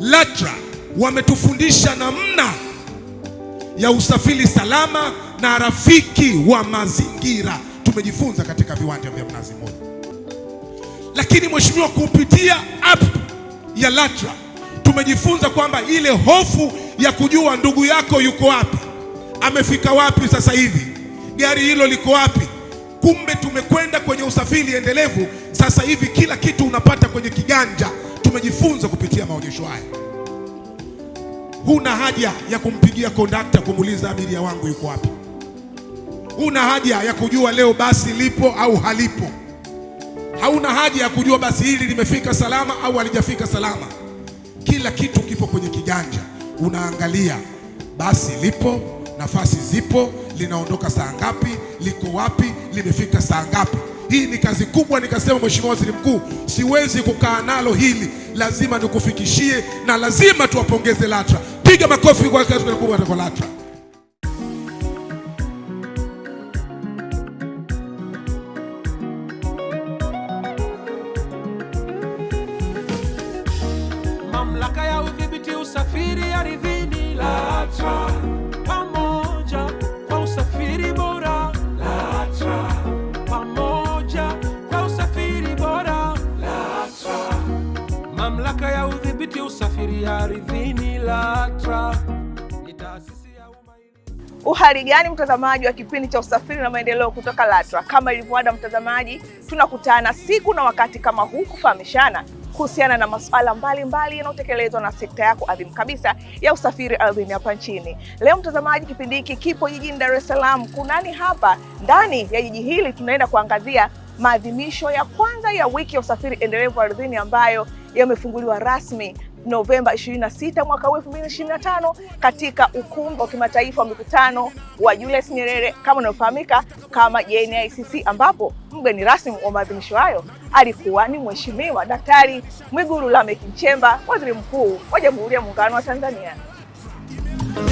LATRA wametufundisha namna ya usafiri salama na rafiki wa mazingira. Tumejifunza katika viwanja vya Mnazi Mmoja, lakini mheshimiwa, kupitia app ya LATRA tumejifunza kwamba ile hofu ya kujua ndugu yako yuko wapi, amefika wapi, sasa hivi gari hilo liko wapi, kumbe tumekwenda kwenye usafiri endelevu. Sasa hivi kila kitu unapata kwenye kiganja tumejifunza kupitia maonyesho haya. Huna haja ya kumpigia kondakta kumuuliza abiria wangu yuko wapi. Huna haja ya kujua leo basi lipo au halipo. Hauna haja ya kujua basi hili limefika salama au halijafika salama. Kila kitu kipo kwenye kiganja. Unaangalia basi lipo, nafasi zipo, linaondoka saa ngapi, liko wapi, limefika saa ngapi. Hii ni kazi kubwa. Nikasema, Mheshimiwa Waziri Mkuu, siwezi kukaa nalo hili, lazima nikufikishie na lazima tuwapongeze LATRA. Piga makofi kwa kazi kubwa ya LATRA. Uhali gani mtazamaji wa kipindi cha usafiri na maendeleo kutoka LATRA. Kama ilivyoada, mtazamaji, tunakutana siku na wakati kama huu kufahamishana kuhusiana na masuala mbalimbali yanayotekelezwa na sekta yako adhimu kabisa ya usafiri ardhini hapa nchini. Leo mtazamaji, kipindi hiki kipo jijini Dar es Salaam. Kunani hapa ndani ya jiji hili, tunaenda kuangazia maadhimisho ya kwanza ya wiki ya usafiri endelevu ardhini ambayo yamefunguliwa rasmi Novemba 26 mwaka 2025 katika ukumbi wa kimataifa wa mikutano wa Julius Nyerere kama unavyofahamika kama JNICC, ambapo mgeni rasmi wa maadhimisho hayo alikuwa ni Mheshimiwa Daktari Mwigulu Lameck Nchemba, Waziri Mkuu wa Jamhuri ya Muungano wa Tanzania.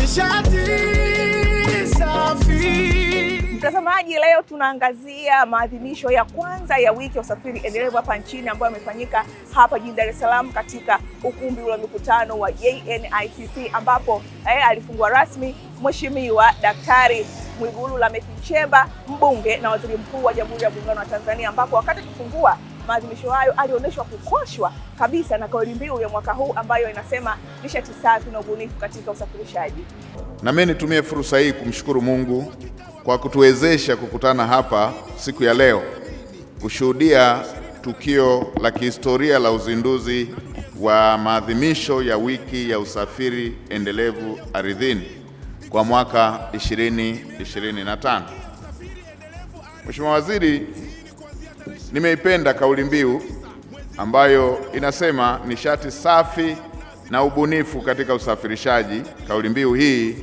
Nishati safi. Mtazamaji, leo tunaangazia maadhimisho ya kwanza ya wiki ya usafiri endelevu hapa nchini ambayo yamefanyika hapa jijini Dar es Salaam katika ukumbi wa mikutano wa JNICC ambapo eh, alifungua rasmi Mheshimiwa Daktari Mwigulu Lameck Nchemba, mbunge na waziri mkuu wa Jamhuri ya Muungano wa Tanzania, ambapo wakati akifungua maadhimisho hayo alionyeshwa kukoshwa kabisa na kauli mbiu ya mwaka huu ambayo inasema nishati safi na ubunifu katika usafirishaji. Na mimi nitumie fursa hii kumshukuru Mungu kwa kutuwezesha kukutana hapa siku ya leo kushuhudia tukio la kihistoria la uzinduzi wa maadhimisho ya wiki ya usafiri endelevu ardhini kwa mwaka 2025. Mheshimiwa Waziri, nimeipenda kauli mbiu ambayo inasema nishati safi na ubunifu katika usafirishaji. Kauli mbiu hii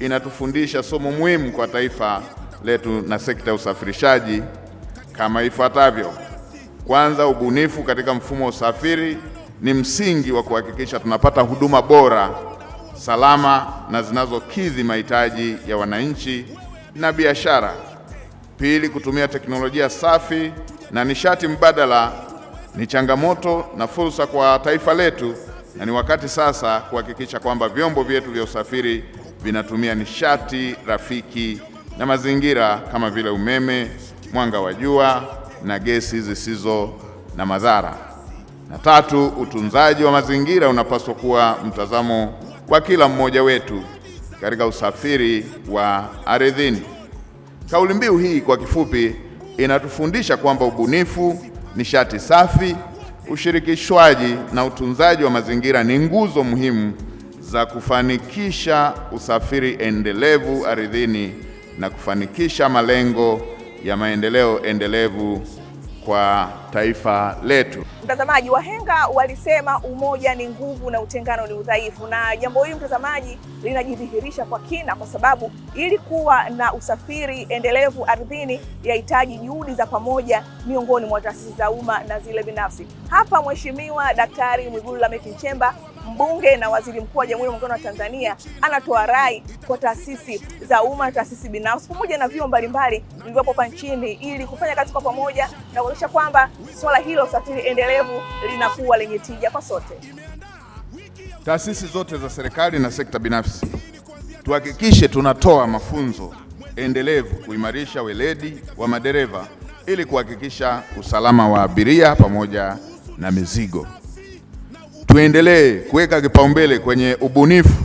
inatufundisha somo muhimu kwa taifa letu na sekta ya usafirishaji kama ifuatavyo. Kwanza, ubunifu katika mfumo wa usafiri ni msingi wa kuhakikisha tunapata huduma bora, salama na zinazokidhi mahitaji ya wananchi na biashara. Pili, kutumia teknolojia safi na nishati mbadala ni changamoto na fursa kwa taifa letu, na ni wakati sasa kuhakikisha kwamba vyombo vyetu vya usafiri vinatumia nishati rafiki na mazingira kama vile umeme, mwanga wa jua na gesi zisizo na madhara. Na tatu, utunzaji wa mazingira unapaswa kuwa mtazamo wa kila mmoja wetu katika usafiri wa ardhini. Kauli mbiu hii kwa kifupi inatufundisha kwamba ubunifu, nishati safi, ushirikishwaji na utunzaji wa mazingira ni nguzo muhimu za kufanikisha usafiri endelevu ardhini na kufanikisha malengo ya maendeleo endelevu kwa taifa letu. Mtazamaji, wahenga walisema umoja ni nguvu na utengano ni udhaifu, na jambo hili mtazamaji, linajidhihirisha kwa kina, kwa sababu ili kuwa na usafiri endelevu ardhini yahitaji juhudi za pamoja miongoni mwa taasisi za umma na zile binafsi. Hapa Mheshimiwa Daktari Mwigulu Lameck Nchemba mbunge na waziri mkuu wa Jamhuri ya Muungano wa Tanzania anatoa rai kwa taasisi za umma na taasisi binafsi pamoja na vyuo mbalimbali vilivyopo hapa nchini ili kufanya kazi kwa pamoja na kuhakikisha kwamba swala hilo usafiri endelevu linakuwa lenye tija kwa sote. Taasisi zote za serikali na sekta binafsi tuhakikishe tunatoa mafunzo endelevu kuimarisha weledi wa madereva ili kuhakikisha usalama wa abiria pamoja na mizigo tuendelee kuweka kipaumbele kwenye ubunifu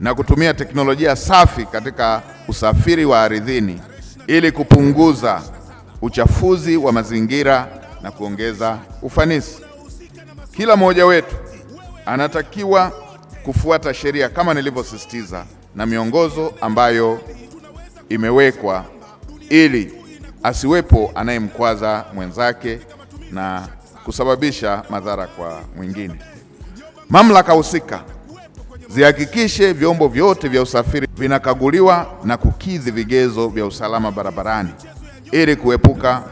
na kutumia teknolojia safi katika usafiri wa ardhini ili kupunguza uchafuzi wa mazingira na kuongeza ufanisi. Kila mmoja wetu anatakiwa kufuata sheria kama nilivyosisitiza na miongozo ambayo imewekwa ili asiwepo anayemkwaza mwenzake na kusababisha madhara kwa mwingine. Mamlaka husika zihakikishe vyombo vyote vya usafiri vinakaguliwa na kukidhi vigezo vya usalama barabarani ili kuepuka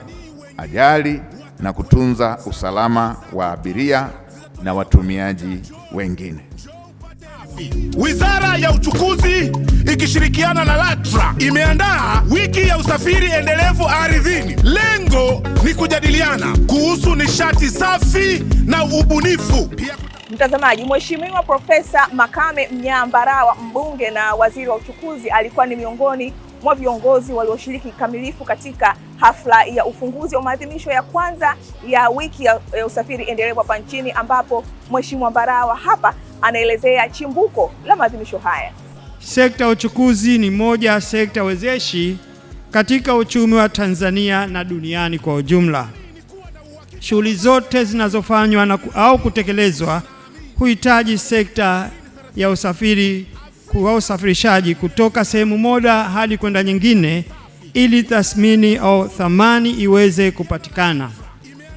ajali na kutunza usalama wa abiria na watumiaji wengine. Wizara ya Uchukuzi ikishirikiana na LATRA imeandaa wiki ya usafiri endelevu ardhini. Lengo ni kujadiliana kuhusu nishati safi na ubunifu. Mtazamaji, Mheshimiwa Profesa Makame Mnyambarawa, mbunge na waziri wa uchukuzi, alikuwa ni miongoni mwa viongozi walioshiriki kikamilifu katika hafla ya ufunguzi wa maadhimisho ya kwanza ya wiki ya usafiri endelevu hapa nchini, ambapo Mheshimiwa Mbarawa hapa anaelezea chimbuko la maadhimisho haya. Sekta ya uchukuzi ni moja ya sekta wezeshi katika uchumi wa Tanzania na duniani kwa ujumla. Shughuli zote zinazofanywa au kutekelezwa huhitaji sekta ya usafiri kwa usafirishaji kutoka sehemu moja hadi kwenda nyingine ili tathmini au thamani iweze kupatikana.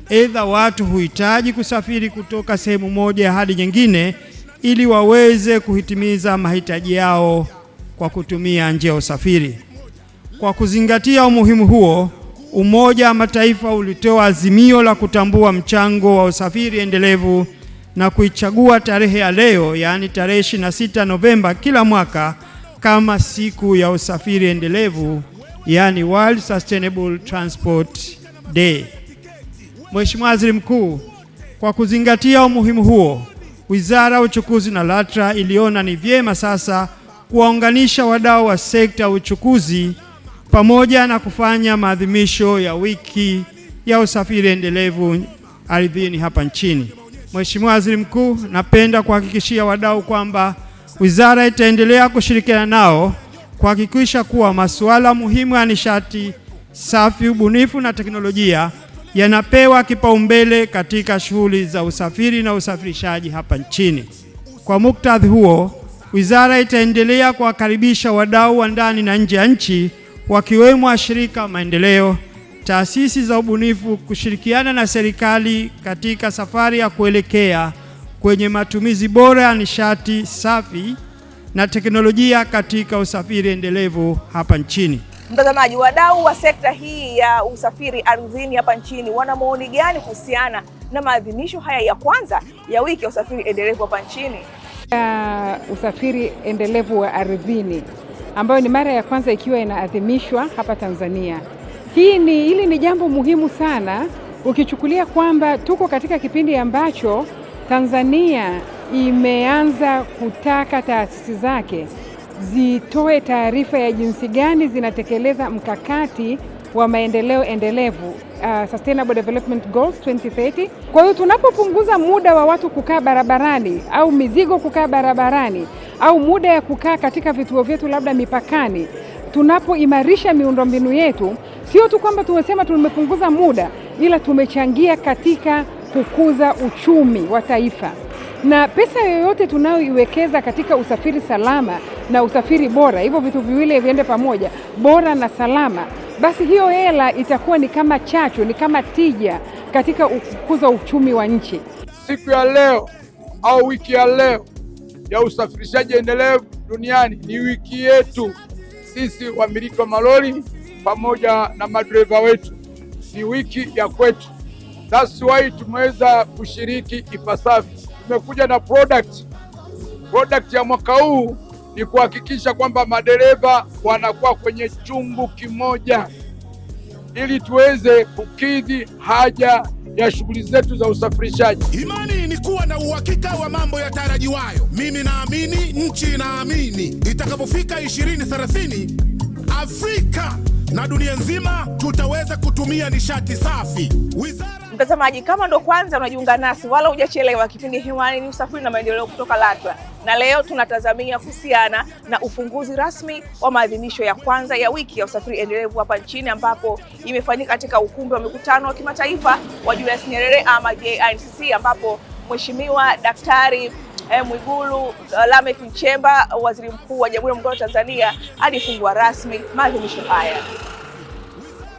Aidha, watu huhitaji kusafiri kutoka sehemu moja hadi nyingine ili waweze kuhitimiza mahitaji yao kwa kutumia njia ya usafiri. Kwa kuzingatia umuhimu huo, Umoja wa Mataifa ulitoa azimio la kutambua mchango wa usafiri endelevu na kuichagua tarehe ya leo, yaani tarehe 26 Novemba kila mwaka kama siku ya usafiri endelevu, yaani World Sustainable Transport Day. Mheshimiwa Waziri Mkuu, kwa kuzingatia umuhimu huo, Wizara ya Uchukuzi na LATRA iliona ni vyema sasa kuwaunganisha wadau wa sekta ya uchukuzi pamoja na kufanya maadhimisho ya wiki ya usafiri endelevu ardhini hapa nchini. Mheshimiwa Waziri Mkuu, napenda kuhakikishia wadau kwamba wizara itaendelea kushirikiana nao kuhakikisha kuwa masuala muhimu ya nishati safi, ubunifu na teknolojia yanapewa kipaumbele katika shughuli za usafiri na usafirishaji hapa nchini. Kwa muktadha huo, wizara itaendelea kuwakaribisha wadau wa ndani na nje ya nchi wakiwemo washirika maendeleo taasisi za ubunifu kushirikiana na serikali katika safari ya kuelekea kwenye matumizi bora ya nishati safi na teknolojia katika usafiri endelevu hapa nchini. Mtazamaji, wadau wa sekta hii ya usafiri ardhini hapa nchini wana maoni gani kuhusiana na maadhimisho haya ya kwanza ya wiki ya usafiri endelevu hapa nchini? Ya usafiri endelevu wa ardhini ambayo ni mara ya kwanza ikiwa inaadhimishwa hapa Tanzania. Hii ni hili ni jambo muhimu sana ukichukulia kwamba tuko katika kipindi ambacho Tanzania imeanza kutaka taasisi zake zitoe taarifa ya jinsi gani zinatekeleza mkakati wa maendeleo endelevu uh, Sustainable Development Goals 2030. Kwa hiyo tunapopunguza muda wa watu kukaa barabarani au mizigo kukaa barabarani au muda ya kukaa katika vituo vyetu labda mipakani tunapoimarisha miundombinu yetu, sio tu kwamba tumesema tumepunguza muda, ila tumechangia katika kukuza uchumi wa taifa. Na pesa yoyote tunayoiwekeza katika usafiri salama na usafiri bora, hivyo vitu viwili viende pamoja, bora na salama, basi hiyo hela itakuwa ni kama chachu, ni kama tija katika kukuza uchumi wa nchi. Siku ya leo au wiki ya leo ya usafirishaji endelevu duniani ni wiki yetu sisi wamiliki wa malori pamoja na madereva wetu, ni wiki ya kwetu. That's why tumeweza kushiriki ipasavyo. Tumekuja na product. Product ya mwaka huu ni kuhakikisha kwamba madereva wanakuwa kwenye chungu kimoja ili tuweze kukidhi haja ya shughuli zetu za usafirishaji. Imani kuwa na uhakika wa mambo yatarajiwayo. Mimi naamini, nchi inaamini, itakapofika 2030 Afrika na dunia nzima tutaweza kutumia nishati safi. Wizara mtazamaji, kama ndo kwanza unajiunga nasi, wala hujachelewa. Kipindi hewani ni usafiri na maendeleo kutoka LATRA, na leo tunatazamia kuhusiana na ufunguzi rasmi wa maadhimisho ya kwanza ya wiki ya usafiri endelevu hapa nchini, ambapo imefanyika katika ukumbi wa mikutano wa kimataifa wa Julius Nyerere ama JNCC ambapo Mheshimiwa Daktari eh, Mwigulu eh, Lameck Nchemba, Waziri Mkuu wa Jamhuri ya Muungano wa Tanzania, alifungua rasmi maadhimisho haya.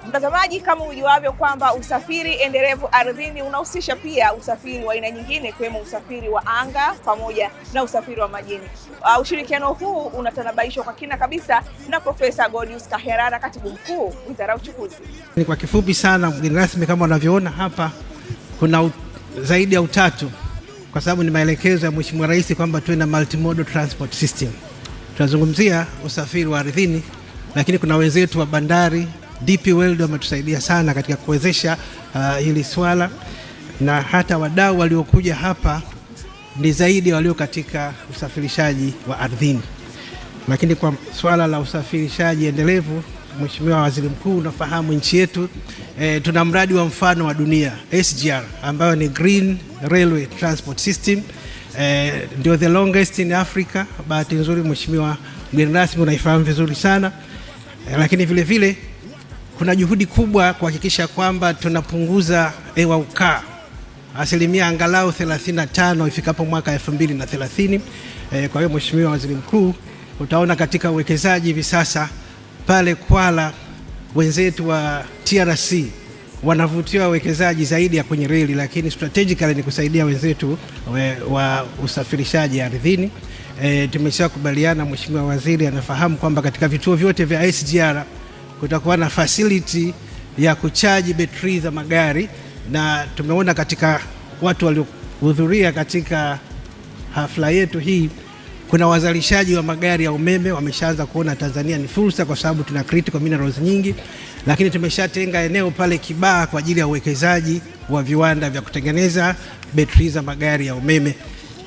Mtazamaji, kama ujuavyo kwamba usafiri endelevu ardhini unahusisha pia usafiri wa aina nyingine ikiwemo usafiri wa anga pamoja na usafiri wa majini. Uh, ushirikiano huu unatanabaishwa kwa kina kabisa na Profesa Godius Kaherara, katibu mkuu wizara ya uchukuzi. Kwa kifupi sana, mgeni rasmi, kama unavyoona hapa kuna zaidi ya utatu, kwa sababu ni maelekezo ya Mheshimiwa Rais kwamba tuwe na multimodal transport system. Tunazungumzia usafiri wa ardhini, lakini kuna wenzetu wa bandari DP World wametusaidia sana katika kuwezesha uh, hili swala, na hata wadau waliokuja hapa ni zaidi walio katika usafirishaji wa ardhini, lakini kwa swala la usafirishaji endelevu Mheshimiwa Waziri Mkuu, unafahamu nchi yetu e, tuna mradi wa mfano wa dunia SGR ambayo ni Green Railway Transport System e, ndio the longest in Africa. Bahati nzuri Mheshimiwa mgeni rasmi unaifahamu vizuri sana e, lakini vile vile kuna juhudi kubwa kuhakikisha kwamba tunapunguza hewa ukaa asilimia angalau 35 ifikapo mwaka 2030. E, kwa hiyo Mheshimiwa Waziri Mkuu, utaona katika uwekezaji hivi sasa pale Kwala wenzetu wa TRC wanavutia wawekezaji zaidi ya kwenye reli, lakini strategically ni kusaidia wenzetu we, wa usafirishaji ardhini. E, tumeshakubaliana, Mheshimiwa Waziri anafahamu kwamba katika vituo vyote vya SGR kutakuwa na facility ya kuchaji betri za magari, na tumeona katika watu waliohudhuria katika hafla yetu hii kuna wazalishaji wa magari ya umeme wameshaanza kuona Tanzania ni fursa, kwa sababu tuna critical minerals nyingi, lakini tumeshatenga eneo pale Kibaha kwa ajili ya uwekezaji wa viwanda vya kutengeneza betri za magari ya umeme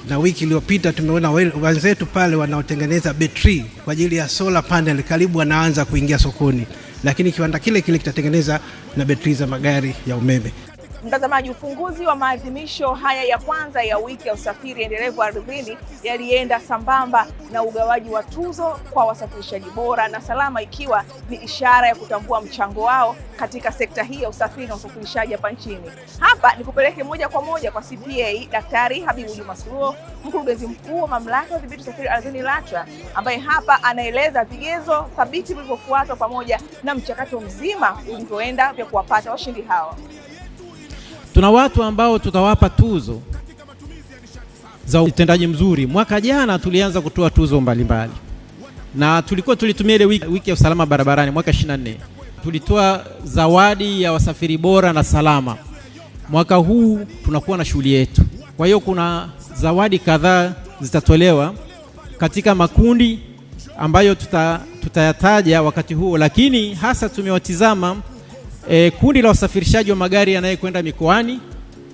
na wiki iliyopita tumeona wenzetu pale wanaotengeneza betri kwa ajili ya solar panel karibu wanaanza kuingia sokoni, lakini kiwanda kile kile kitatengeneza na betri za magari ya umeme. Mtazamaji, ufunguzi wa maadhimisho haya ya kwanza ya wiki ya usafiri endelevu ardhini yalienda sambamba na ugawaji wa tuzo kwa wasafirishaji bora na salama, ikiwa ni ishara ya kutambua mchango wao katika sekta hii ya usafiri na usafirishaji hapa nchini. Hapa ni kupeleke moja kwa moja kwa CPA Daktari Habibu Juma Suluo, mkurugenzi mkuu wa mamlaka ya udhibiti usafiri ardhini LATRA, ambaye hapa anaeleza vigezo thabiti vilivyofuatwa pamoja na mchakato mzima ulivyoenda vya kuwapata washindi hao Tuna watu ambao tutawapa tuzo za utendaji mzuri. Mwaka jana tulianza kutoa tuzo mbalimbali mbali, na tulikuwa tulitumia ile wiki, wiki ya usalama barabarani mwaka 24 tulitoa zawadi ya wasafiri bora na salama. Mwaka huu tunakuwa na shughuli yetu, kwa hiyo kuna zawadi kadhaa zitatolewa katika makundi ambayo tutayataja tuta wakati huo, lakini hasa tumewatizama E, kundi la wasafirishaji wa magari yanayekwenda mikoani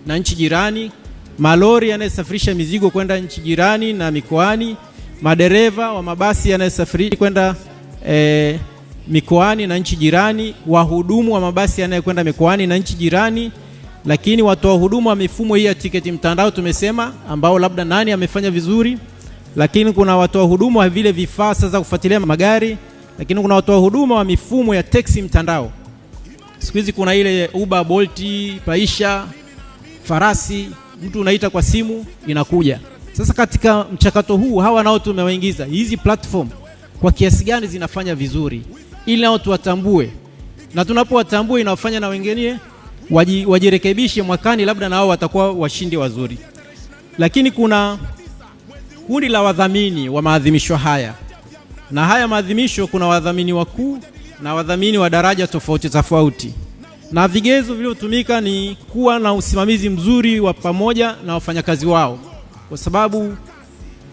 na nchi jirani, malori yanayosafirisha mizigo kwenda nchi jirani na mikoani, madereva wa mabasi yanayosafiri kwenda e, mikoani na nchi jirani, wahudumu wa mabasi yanayokwenda mikoani na nchi jirani, lakini watoa huduma wa mifumo hii ya tiketi mtandao tumesema, ambao labda nani amefanya vizuri, lakini kuna watoa huduma wa vile vifaa sasa kufuatilia magari, lakini kuna watoa huduma wa mifumo ya teksi mtandao Siku hizi kuna ile Uber, Bolt, Paisha, Farasi, mtu unaita kwa simu inakuja. Sasa katika mchakato huu hawa nao tumewaingiza hizi platform, kwa kiasi gani zinafanya vizuri, ili nao tuwatambue, na tunapowatambua inawafanya na wengine waji, wajirekebishe mwakani, labda na wao watakuwa washindi wazuri. Lakini kuna kundi la wadhamini wa maadhimisho haya, na haya maadhimisho kuna wadhamini wakuu na wadhamini wa daraja tofauti tofauti, na vigezo vilivyotumika ni kuwa na usimamizi mzuri wa pamoja na wafanyakazi wao, kwa sababu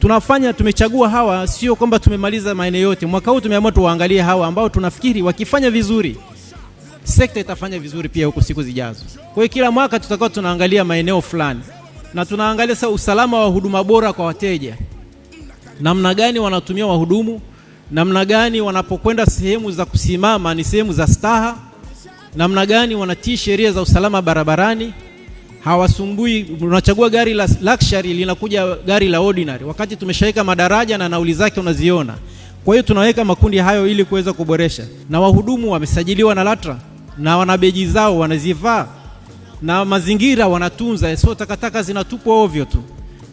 tunafanya tumechagua hawa, sio kwamba tumemaliza maeneo yote. Mwaka huu tumeamua tuwaangalie hawa ambao tunafikiri wakifanya vizuri sekta itafanya vizuri pia huko siku zijazo. Kwa hiyo kila mwaka tutakuwa tunaangalia maeneo fulani, na tunaangalia sasa usalama wa huduma bora kwa wateja, namna gani wanatumia wahudumu namna gani wanapokwenda sehemu za kusimama ni sehemu za staha, namna gani wanatii sheria za usalama barabarani, hawasumbui. Unachagua gari la luxury, linakuja gari la ordinary, wakati tumeshaweka madaraja na nauli zake unaziona. Kwa hiyo tunaweka makundi hayo ili kuweza kuboresha, na wahudumu wamesajiliwa na LATRA na wana beji zao wanazivaa, na mazingira wanatunza, sio takataka zinatupwa ovyo tu.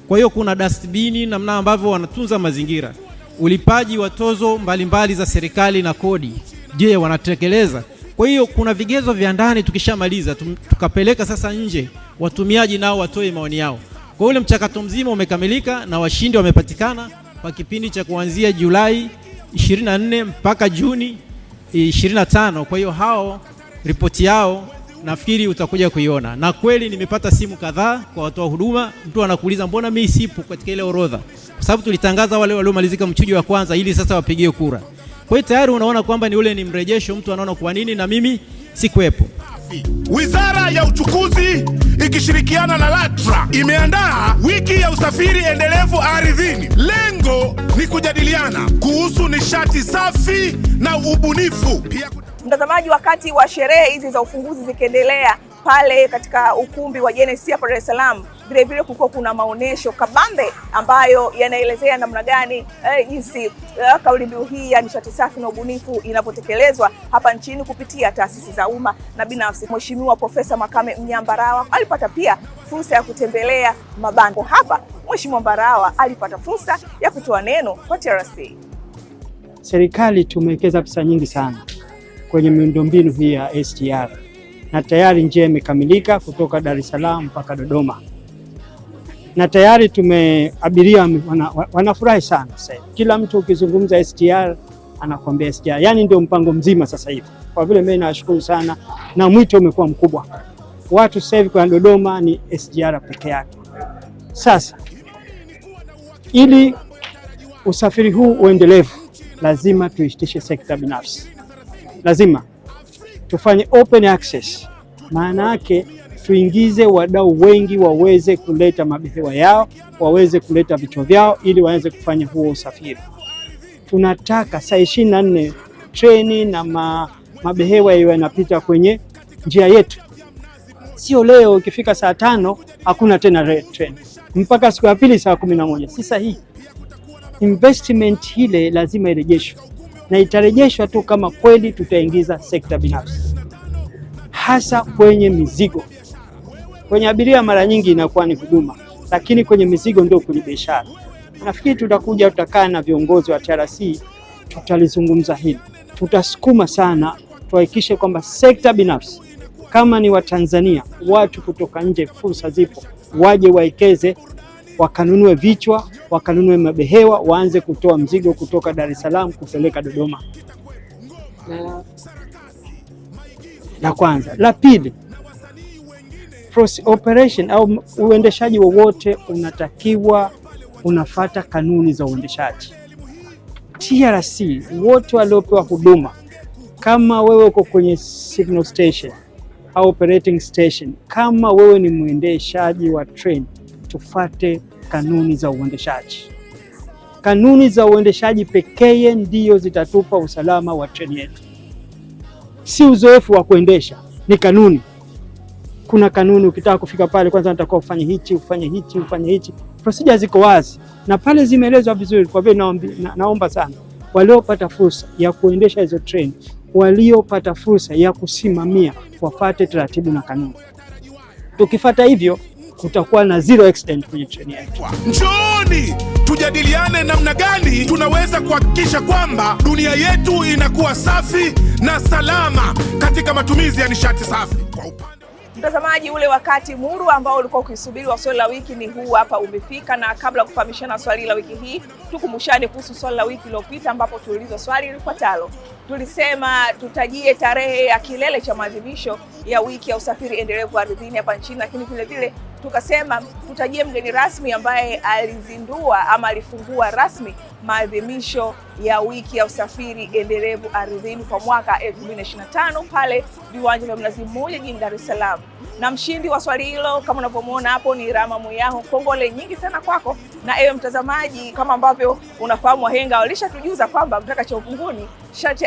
Kwa hiyo kuna dustbin, namna ambavyo wanatunza mazingira ulipaji wa tozo mbalimbali mbali za serikali na kodi. Je, wanatekeleza? Kwa hiyo kuna vigezo vya ndani, tukishamaliza tukapeleka sasa nje, watumiaji nao watoe maoni yao. Kwa ule mchakato mzima umekamilika na washindi wamepatikana kwa kipindi cha kuanzia Julai 24 mpaka Juni 25. Kwa hiyo hao ripoti yao nafikiri utakuja kuiona, na kweli nimepata simu kadhaa kwa watoa huduma, mtu anakuuliza mbona mimi sipo katika ile orodha kwa sababu tulitangaza wale waliomalizika mchujo wa kwanza ili sasa wapigie kura. Kwa hiyo tayari unaona kwamba ni ule ni mrejesho, mtu anaona kwa nini na mimi sikuwepo. Wizara ya Uchukuzi ikishirikiana na LATRA imeandaa wiki ya usafiri endelevu ardhini. Lengo ni kujadiliana kuhusu nishati safi na ubunifu. Mtazamaji, wakati wa sherehe hizi za ufunguzi zikiendelea pale katika ukumbi wa JNIC hapa Dar es Salaam. Vilevile kulikuwa kuna maonyesho kabambe ambayo yanaelezea namna gani eh, jinsi eh, kauli mbiu hii ya nishati safi na ubunifu inapotekelezwa hapa nchini kupitia taasisi za umma na binafsi. Mheshimiwa Profesa Makame Mnyambarawa alipata pia fursa ya kutembelea mabango hapa. Mheshimiwa Mbarawa alipata fursa ya kutoa neno kwa TRC. Serikali tumewekeza pesa nyingi sana kwenye miundombinu hii ya SGR na tayari njia imekamilika kutoka Dar es Salaam mpaka Dodoma, na tayari tumeabiria wana, wanafurahi sana sasa hivi. Kila mtu ukizungumza SGR anakuambia SGR, yaani ndio mpango mzima sasa hivi. Kwa vile mimi nashukuru sana na mwito umekuwa mkubwa, watu sasa hivi kwa Dodoma ni SGR peke yake. Sasa ili usafiri huu uendelevu, lazima tuishitishe sekta binafsi, lazima tufanye open access maana yake tuingize wadau wengi waweze kuleta mabehewa yao, waweze kuleta vichwa vyao ili waweze kufanya huo usafiri. Tunataka saa ishirini na nne treni na ma, mabehewa hiyo yanapita kwenye njia yetu, sio leo ikifika saa tano hakuna tena treni mpaka siku ya pili saa kumi na moja Si sahihi. Investment ile lazima irejeshwe na itarejeshwa tu kama kweli tutaingiza sekta binafsi hasa kwenye mizigo. Kwenye abiria mara nyingi inakuwa ni huduma, lakini kwenye mizigo ndio kwenye biashara. Nafikiri tutakuja, tutakaa na viongozi wa TRC, tutalizungumza hili, tutasukuma sana tuhakikishe kwamba sekta binafsi kama ni Watanzania, watu kutoka nje, fursa zipo, waje waekeze wakanunue vichwa, wakanunue mabehewa, waanze kutoa mzigo kutoka Dar es Salaam kupeleka Dodoma la kwanza. La pili, cross operation au uendeshaji wowote unatakiwa unafata kanuni za uendeshaji. TRC wote waliopewa huduma, kama wewe uko kwenye signal station au operating station, kama wewe ni mwendeshaji wa train, tufate kanuni za uendeshaji. Kanuni za uendeshaji pekee ndiyo zitatupa usalama wa treni yetu si uzoefu wa kuendesha, ni kanuni. Kuna kanuni, ukitaka kufika pale kwanza unatakiwa ufanye hichi ufanye hichi ufanye hichi. Procedure ziko wazi na pale zimeelezwa vizuri. Kwa hivyo naomba, na, naomba sana waliopata fursa ya kuendesha hizo treni, waliopata fursa ya kusimamia wafate taratibu na kanuni. Tukifata hivyo kutakuwa na zero accident kwenye treni yetu. Njoni tujadiliane namna gani tunaweza kuhakikisha kwamba dunia yetu inakuwa safi na salama katika matumizi ya nishati safi. Kwa upande mtazamaji, ule wakati muru ambao ulikuwa ukisubiri wa swali la wiki ni huu hapa umefika, na kabla ya kufahamishana swali la wiki hii, tukumbushane kuhusu swali la wiki iliyopita ambapo tuliulizwa swali lifuatalo. Tulisema tutajie tarehe ya kilele cha maadhimisho ya wiki ya usafiri endelevu ardhini hapa nchini, lakini vilevile tukasema tutajie mgeni rasmi ambaye alizindua ama alifungua rasmi maadhimisho ya wiki ya usafiri endelevu ardhini kwa mwaka 2025 pale viwanja vya Mnazi Mmoja jijini Dar es Salaam. Na mshindi wa swali hilo kama unavyomwona hapo ni Rama Muyaho. Kongole nyingi sana kwako, na ewe mtazamaji, kama ambavyo unafahamu, wahenga walishatujuza kwamba mtaka cha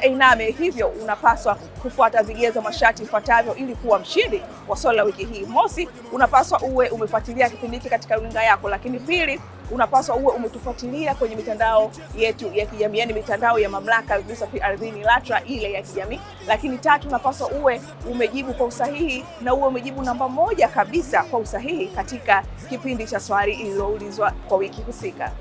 ainame, hivyo unapaswa kufuata vigezo masharti ifuatavyo ili kuwa mshindi wa swali la wiki hii. Mosi, unapaswa uwe uwe umefuatilia kipindi hiki katika runinga yako, lakini pili, unapaswa uwe umetufuatilia kwenye mitandao yetu ya kijamii, yani mitandao ya mamlaka ya usafiri ardhini LATRA ile ya kijamii. Lakini tatu, unapaswa uwe umejibu kwa usahihi na uwe umejibu namba moja kabisa kwa usahihi katika kipindi cha swali lililoulizwa kwa wiki husika.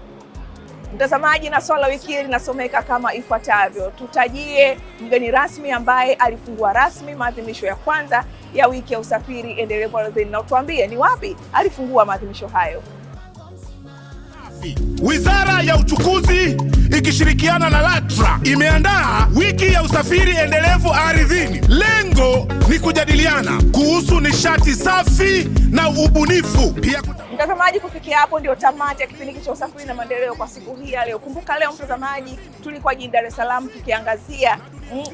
Mtazamaji, na swala wiki hili linasomeka kama ifuatavyo: tutajie mgeni rasmi ambaye alifungua rasmi maadhimisho ya kwanza ya wiki ya usafiri endelevu ardhini, na utuambie ni wapi alifungua maadhimisho hayo. Wizara ya Uchukuzi ikishirikiana na LATRA imeandaa wiki ya usafiri endelevu ardhini. Lengo ni kujadiliana kuhusu nishati safi na ubunifu. Pia mtazamaji, kufikia hapo ndio tamati ya kipindi cha usafiri na maendeleo kwa siku hii ya leo. Kumbuka leo mtazamaji, tulikuwa jijini Dar es Salaam tukiangazia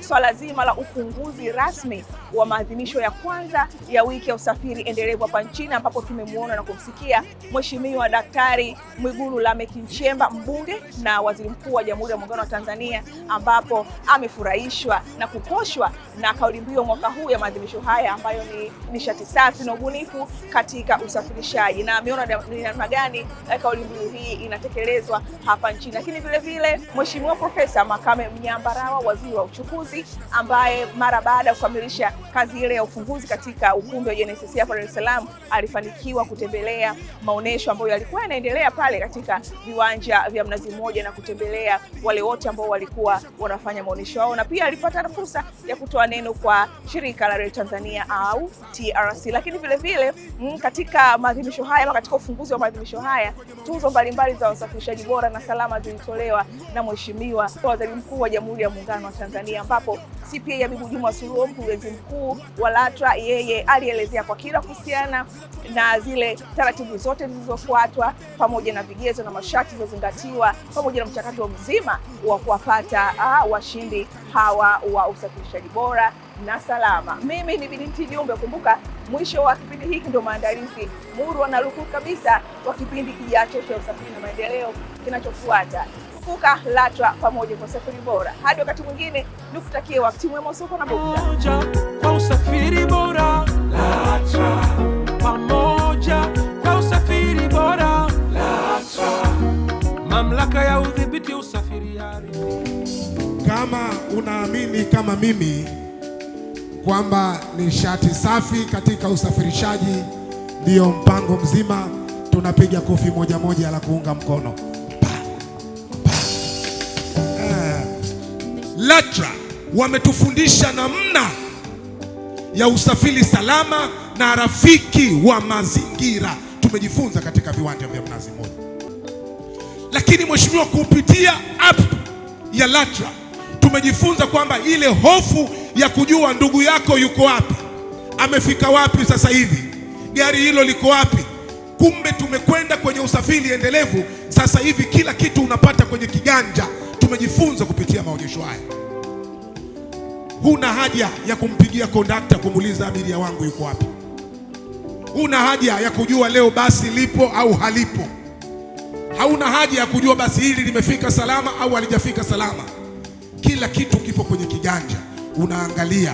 swala so zima la ufunguzi rasmi wa maadhimisho ya kwanza ya wiki ya usafiri endelevu hapa nchini, ambapo tumemwona na kumsikia Mheshimiwa Daktari Mwigulu Lameck Nchemba, mbunge na waziri mkuu wa Jamhuri ya Muungano wa Tanzania, ambapo amefurahishwa na kukoshwa na kauli mbiu mwaka huu ya maadhimisho haya ambayo ni nishati safi na ubunifu katika usafirishaji, na ameona ni namna gani eh, kauli mbiu hii inatekelezwa hapa nchini. Lakini vilevile Mheshimiwa Profesa Makame Mnyambarawa, waziri wa uchumi ufunguzi ambaye mara baada ya kukamilisha kazi ile ya ufunguzi katika ukumbi wa JNCC hapa Dar es Salaam alifanikiwa kutembelea maonesho ambayo yalikuwa yanaendelea pale katika viwanja vya Mnazi Mmoja na kutembelea wale wote ambao walikuwa wanafanya maonesho yao, na pia alipata fursa ya kutoa neno kwa shirika la reli Tanzania au TRC. Lakini vilevile mm, katika maadhimisho haya ama katika ufunguzi wa maadhimisho haya tuzo mbalimbali za wasafirishaji bora na salama zilitolewa na Mheshimiwa Waziri Mkuu wa Jamhuri ya Muungano wa Tanzania Tanzania ambapo CPA Habibu Juma Suluo, mkurugenzi mkuu wa LATRA, yeye alielezea kwa kina kuhusiana na zile taratibu zote zilizofuatwa pamoja na vigezo na masharti zilizozingatiwa pamoja na mchakato mzima wa kuwapata ah, washindi hawa wa usafirishaji bora na salama. Mimi ni Binti Jumbe. Kumbuka, mwisho wa kipindi hiki ndio maandalizi murwa na rukuu kabisa kwa kipindi kijacho cha usafiri na maendeleo kinachofuata kufufuka, LATRA pamoja kwa usafiri bora. Hadi wakati mwingine, nikutakie wakati mwema usiku na bughudha. Kwa usafiri bora LATRA pamoja, kwa usafiri bora LATRA, mamlaka ya udhibiti usafiri ardhini. Kama unaamini kama mimi kwamba nishati safi katika usafirishaji ndiyo mpango mzima, tunapiga kofi moja moja la kuunga mkono. LATRA wametufundisha namna ya usafiri salama na rafiki wa mazingira. Tumejifunza katika viwanja vya Mnazi Mmoja, lakini mheshimiwa, kupitia app ya LATRA tumejifunza kwamba ile hofu ya kujua ndugu yako yuko wapi, amefika wapi, sasa hivi gari hilo liko wapi. Kumbe tumekwenda kwenye usafiri endelevu. Sasa hivi kila kitu unapata kwenye kiganja tumejifunza kupitia maonyesho haya. Huna haja ya kumpigia kondakta kumuuliza abiria wangu yuko wapi. Huna haja ya kujua leo basi lipo au halipo. Hauna haja ya kujua basi hili limefika salama au halijafika salama. Kila kitu kipo kwenye kiganja. Unaangalia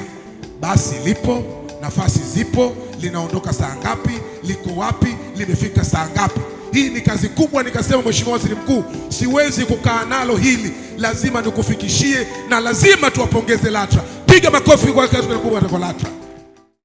basi lipo, nafasi zipo, linaondoka saa ngapi, liko wapi, limefika saa ngapi. Hii ni kazi kubwa. Nikasema, Mheshimiwa Waziri Mkuu, siwezi kukaa nalo hili, lazima nikufikishie na lazima tuwapongeze LATRA. Piga makofi kwa kazi kubwa kwa LATRA.